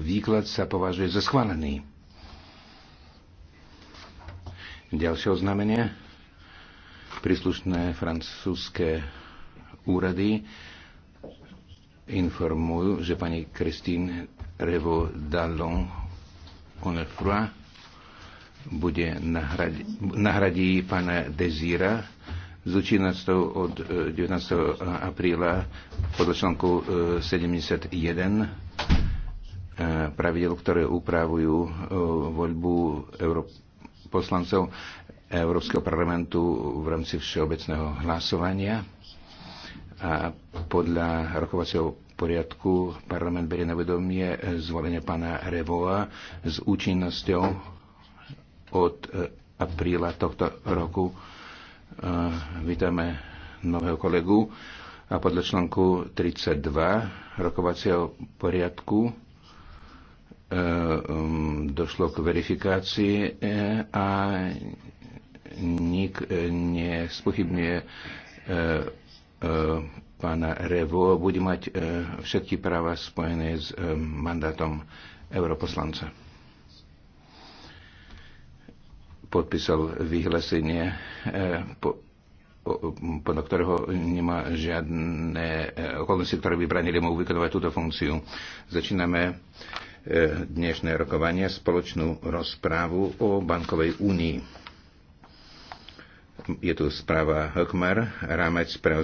výklad sa považuje za schválený. Ďalšie oznámenie. Príslušné francúzske úrady informujú, že pani Christine Revo Dallon Onefroy bude nahradi, nahradí pána Dezíra z účinnosťou od 19. E, apríla podľa článku 71 e, Eh, pravidel, ktoré upravujú eh, voľbu poslancov Európskeho parlamentu v rámci všeobecného hlasovania. A podľa rokovacieho poriadku parlament berie na vedomie zvolenie pána Revoa s účinnosťou od eh, apríla tohto roku. Vítame nového kolegu a podľa článku 32 rokovacieho poriadku Ehm, ehm, došlo k verifikácii eh, a nik eh, nespochybňuje eh, pána Revo, bude mať všetky práva spojené s mandátom europoslanca. Podpísal vyhlásenie, podľa ktorého nemá žiadne okolnosti, ktoré by bránili mu vykonovať túto funkciu. Začíname E, dnešné rokovanie, spoločnú rozprávu o bankovej únii. Je tu správa Hökmar, rámec pre